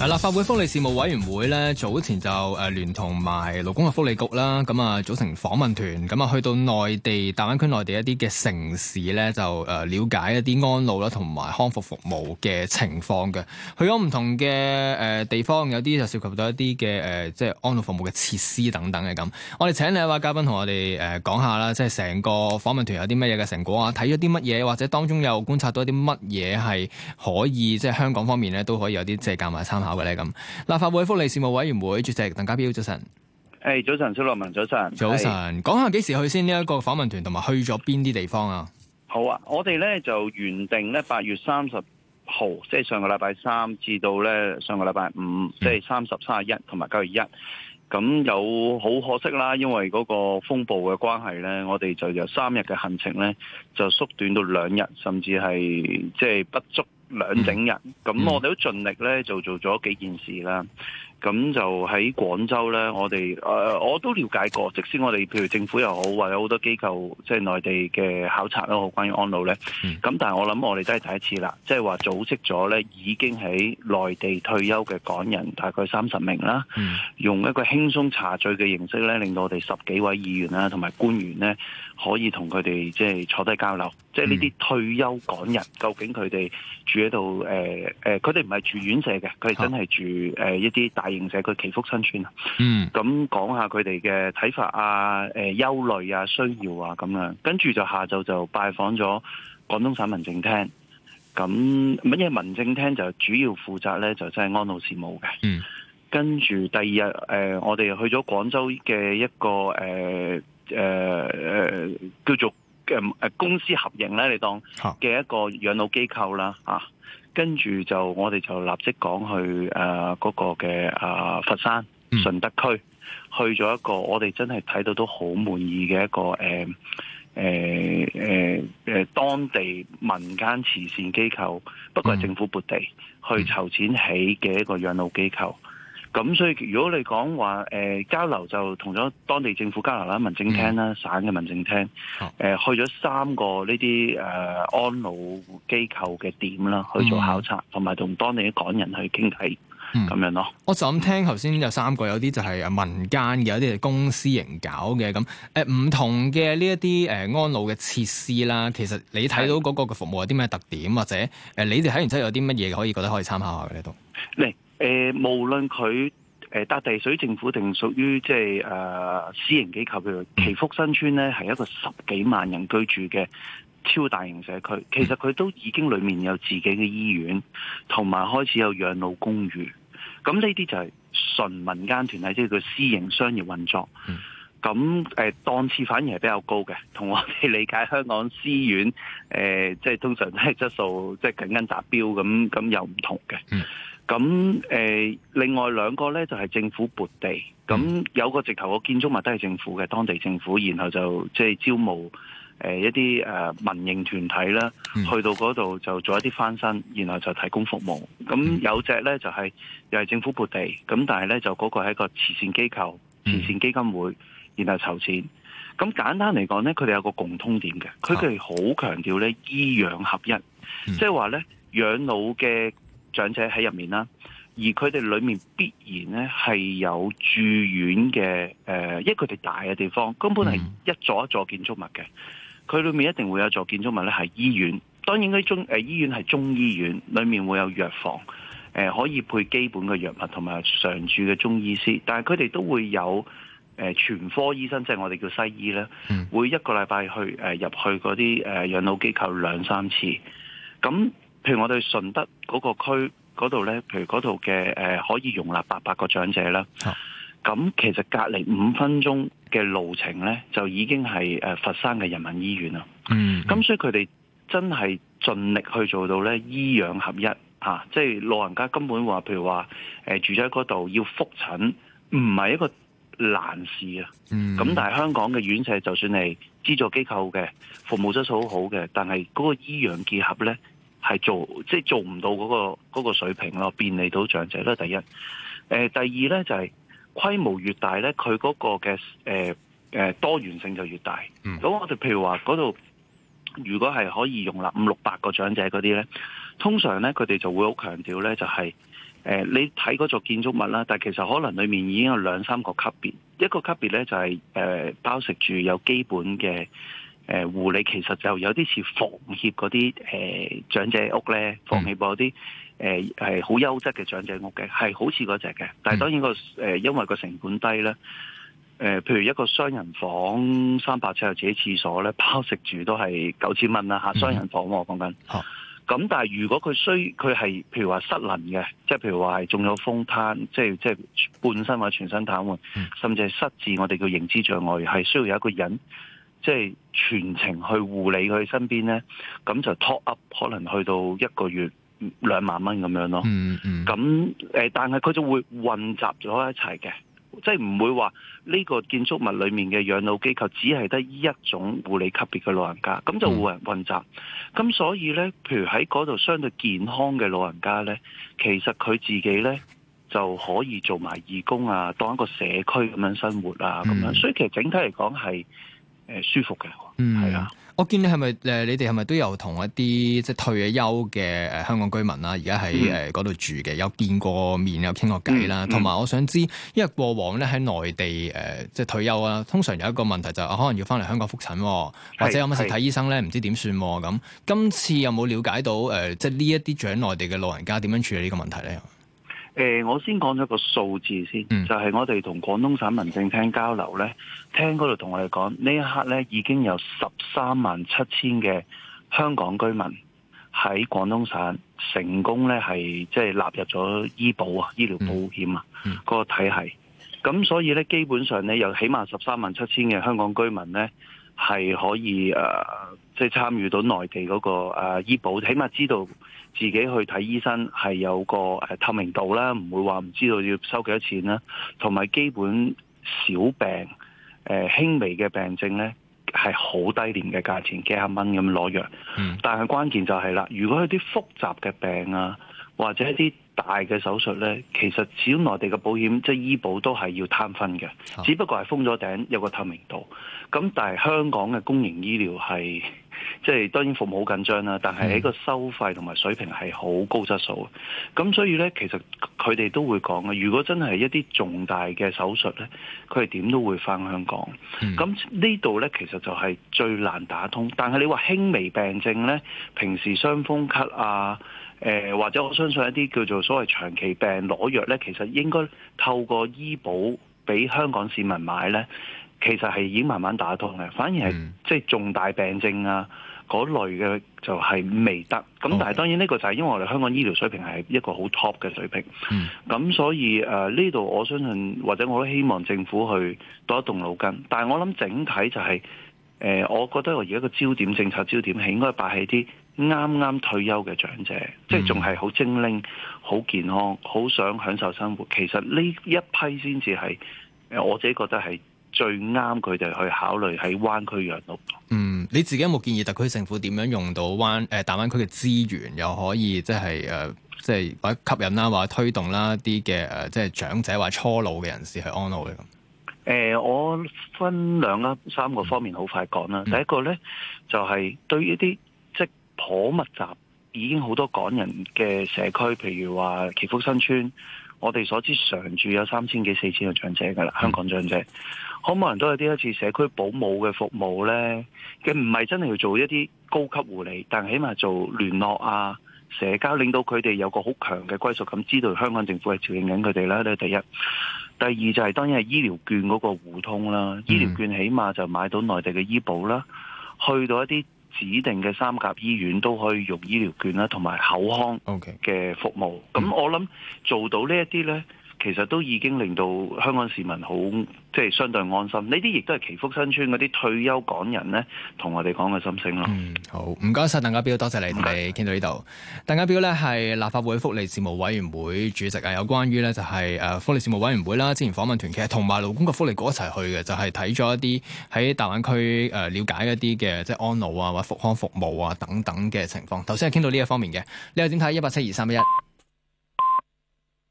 啊！立法會福利事務委員會咧早前就誒聯同埋勞工及福利局啦，咁啊組成訪問團，咁啊去到內地大灣區內地一啲嘅城市咧，就誒了解一啲安老啦同埋康復服務嘅情況嘅。去咗唔同嘅誒地方，有啲就涉及到一啲嘅誒，即係安老服務嘅設施等等嘅咁。我哋請嚟一位嘉賓同我哋誒講下啦，即係成個訪問團有啲乜嘢嘅成果啊？睇咗啲乜嘢，或者當中有觀察到一啲乜嘢係可以即係香港方面咧都可以有啲借鑑埋參考。咁，立法會福利事務委員會主席鄧家彪早晨。誒，早晨，hey, 早晨小羅文早晨。早晨，hey，講下幾時去先？呢一個訪問團同埋去咗邊啲地方啊？好啊，我哋咧就原定咧八月三十號，即係上個禮拜三至到咧上個禮拜五，即係三十、三十一同埋九月一。咁有好可惜啦，因為嗰個風暴嘅關係咧，我哋就由三日嘅行程咧就縮短到兩日，甚至係即係不足。嗯、兩整日，咁我哋都盡力咧，就做咗幾件事啦。咁就喺廣州咧，我哋誒、呃、我都了解過，即使我哋譬如政府又好，或者好多機構即係內地嘅考察都好關於安老咧。咁、嗯、但係我諗我哋都係第一次啦，即係話組織咗咧，已經喺內地退休嘅港人大概三十名啦，嗯，用一個輕鬆茶敍嘅形式咧，令到我哋十幾位議員啊，同埋官員咧，可以同佢哋即係坐低交流。嗯、即係呢啲退休港人，究竟佢哋住喺度誒誒佢哋唔係住院舍嘅，佢哋真係住誒、啊呃、一啲大。社佢祈福新村啊，嗯，咁講下佢哋嘅睇法啊，誒，憂慮啊，需要啊，咁樣，跟住就下晝就拜訪咗廣東省民政廳，咁乜嘢民政廳就主要負責咧，就真係安老事務嘅，嗯，跟住第二日，誒、呃，我哋去咗廣州嘅一個，誒、呃，誒，誒，叫做誒、呃、公私合營咧，你當嘅一個養老機構啦，啊。跟住就我哋就立即講去誒、啊、嗰、嗰個嘅、啊、佛山順德區去咗一個我哋真係睇到都好滿意嘅一個誒誒誒誒當地民間慈善機構，不過係政府撥地去籌錢起嘅一個養老機構。咁所以如果你講話誒交流就同咗當地政府交流啦、民政廳啦、嗯、省嘅民政廳、哦呃，去咗三個呢啲誒安老機構嘅點啦，去做考察，同埋同當地啲港人去傾偈咁樣咯。我就咁聽頭先有三個，有啲就係民間嘅，有啲係公司營搞嘅，咁唔同嘅呢一啲誒安老嘅設施啦。其實你睇到嗰個嘅服務有啲咩特點，或者、呃、你哋睇完之後有啲乜嘢可以覺得可以參考下嘅呢度？誒、呃，無論佢誒搭地水政府定屬於即係誒私營機構，譬如祈福新村咧，係一個十幾萬人居住嘅超大型社區。其實佢都已經裏面有自己嘅醫院，同埋開始有養老公寓。咁呢啲就係純民間團體，即、就、係、是、叫私營商業運作。咁誒檔次反而係比較高嘅，同我哋理解香港私院誒，即、呃、係、就是、通常都係質素即係緊緊達標咁，咁又唔同嘅。嗯咁誒、呃，另外兩個咧就係、是、政府撥地，咁有個直頭個建築物都係政府嘅，當地政府，然後就即係、就是、招募誒、呃、一啲誒、呃、民營團體啦，去到嗰度就做一啲翻新，然後就提供服務。咁有隻咧就係又係政府撥地，咁但係咧就嗰個係一個慈善機構、慈善基金會，嗯、然後籌錢。咁簡單嚟講咧，佢哋有個共通點嘅，佢哋好強調咧，醫養合一，啊、即係話咧養老嘅。長者喺入面啦，而佢哋裏面必然咧係有住院嘅，誒、呃，因為佢哋大嘅地方根本係一座一座建築物嘅，佢裏面一定會有座建築物咧係醫院。當然呢中誒醫院係中醫院，裏面會有藥房，誒、呃、可以配基本嘅藥物同埋常駐嘅中醫師。但係佢哋都會有誒、呃、全科醫生，即、就、係、是、我哋叫西醫咧，會一個禮拜去誒入、呃、去嗰啲誒養老機構兩三次，咁。譬如我哋順德嗰個區嗰度咧，譬如嗰度嘅誒可以容納八百個長者啦。咁、啊、其實隔離五分鐘嘅路程咧，就已經係誒佛山嘅人民醫院啦。嗯，咁所以佢哋真係盡力去做到咧，醫養合一吓，即、啊、係、就是、老人家根本話譬如話誒、呃、住咗嗰度要復診唔係一個難事啊。嗯，咁但係香港嘅院舍，就算係資助機構嘅服務質素好好嘅，但係嗰個醫養結合咧。係做即係、就是、做唔到嗰、那個、那個水平咯，便利到長者啦。第一，誒、呃，第二咧就係、是、規模越大咧，佢嗰個嘅誒誒多元性就越大。咁、嗯、我哋譬如話嗰度，如果係可以容納五六百個長者嗰啲咧，通常咧佢哋就會好強調咧，就係、是、誒、呃、你睇嗰座建築物啦，但係其實可能裏面已經有兩三個級別，一個級別咧就係、是、誒、呃、包食住有基本嘅。誒護理其實就有啲似房協嗰啲誒長者屋咧，房協嗰啲誒係好優質嘅長者屋嘅，係好似嗰隻嘅。但係當然、那個誒、呃，因為個成本低咧，誒、呃、譬如一個雙人房三百七，有自己廁所咧，包食住都係九千蚊啦嚇。雙、啊、人房、嗯、我講緊。咁、啊、但係如果佢需佢係譬如話失能嘅，即係譬如話係仲有風癱，即係即係半身或者全身癱瘓、嗯，甚至係失智，我哋叫認知障礙，係需要有一個人。即係全程去護理佢身邊呢，咁就 top up 可能去到一個月兩萬蚊咁樣咯。咁、嗯嗯呃、但係佢就會混雜咗一齊嘅，即係唔會話呢個建築物裏面嘅養老機構只係得呢一種護理級別嘅老人家，咁就會人混雜。咁、嗯、所以呢，譬如喺嗰度相對健康嘅老人家呢，其實佢自己呢就可以做埋義工啊，當一個社區咁樣生活啊，咁、嗯、樣。所以其實整體嚟講係。誒舒服嘅，嗯，係啊，我見你係咪誒？你哋係咪都有同一啲即係退咗休嘅誒香港居民啦？而家喺誒嗰度住嘅、嗯，有見過面，有傾過偈啦。同、嗯、埋，我想知、嗯，因為過往咧喺內地誒，即係退休啊，通常有一個問題就係、可能要翻嚟香港覆診，或者有乜事睇醫生咧，唔知點算咁。今次有冇了解到誒？即係呢一啲住喺內地嘅老人家點樣處理呢個問題咧？誒、欸，我先講咗個數字先，嗯、就係、是、我哋同廣東省民政廳交流呢，聽嗰度同我哋講，呢一刻呢已經有十三萬七千嘅香港居民喺廣東省成功呢，係即係納入咗醫保啊、醫療保險啊嗰、嗯那個體系。咁所以呢，基本上呢，有起碼十三萬七千嘅香港居民呢係可以誒，即、呃、係、就是、參與到內地嗰、那個誒、呃、醫保，起碼知道。自己去睇醫生係有個誒、呃、透明度啦，唔會話唔知道要收幾多錢啦，同埋基本小病誒、呃、輕微嘅病症呢，係好低廉嘅價錢，幾廿蚊咁攞藥。嗯、但係關鍵就係、是、啦，如果係啲複雜嘅病啊，或者一啲，大嘅手術呢，其實始終內地嘅保險即係醫保都係要攤分嘅，只不過係封咗頂，有個透明度。咁但係香港嘅公營醫療係即係當然服務好緊張啦，但係喺個收費同埋水平係好高質素。咁所以呢，其實佢哋都會講嘅，如果真係一啲重大嘅手術呢，佢係點都會返香港。咁呢度呢，其實就係最難打通。但係你話輕微病症呢，平時傷風咳啊、呃，或者我相信一啲叫做，所謂長期病攞藥咧，其實應該透過醫保俾香港市民買咧，其實係已經慢慢打通嘅，反而係即係重大病症啊嗰、嗯、類嘅就係未得。咁、okay. 但係當然呢個就係因為我哋香港的醫療水平係一個好 top 嘅水平。咁、嗯、所以呢度、呃、我相信或者我都希望政府去多一動腦筋。但係我諗整體就係、是呃、我覺得我而家個焦點政策焦點係應該擺喺啲。啱啱退休嘅長者，即係仲係好精靈、好健康、好想享受生活。其實呢一批先至係我自己覺得係最啱佢哋去考慮喺灣區養老。嗯，你自己有冇建議特區政府點樣用到灣誒、呃、大灣區嘅資源，又可以即係誒，即係或者吸引啦，或者推動啦啲嘅誒，即係長者或者初老嘅人士去安老嘅？誒、呃，我分兩三個方面好快講啦、嗯。第一個咧就係、是、對於一啲。好密集，已經好多港人嘅社區，譬如話祈福新村，我哋所知常住有三千幾、四千個長者嘅啦，香港長者，嗯、可唔可以都有啲一次社區保姆嘅服務呢？佢唔係真係要做一啲高級護理，但起碼做聯絡啊、社交，令到佢哋有個好強嘅歸屬感，知道香港政府係照應緊佢哋啦。呢第一，第二就係、是、當然係醫療券嗰個互通啦，醫療券起碼就買到內地嘅醫保啦，去到一啲。指定嘅三甲醫院都可以用醫療券啦，同埋口腔嘅服務。咁、okay. 我諗做到這些呢一啲呢。其實都已經令到香港市民好即係相對安心，呢啲亦都係祈福新村嗰啲退休港人呢同我哋講嘅心聲咯、嗯。好，唔該晒鄧家彪，多謝，謝你哋你傾到呢度。鄧家彪呢係立法會福利事務委員會主席啊，有關於呢就係、是、誒福利事務委員會啦，之前訪問團其實同埋勞工及福利局一齊去嘅，就係睇咗一啲喺大灣區誒瞭解一啲嘅即係安老啊或復康服務啊等等嘅情況。頭先係傾到呢一方面嘅，你有冇點睇一八七二三一？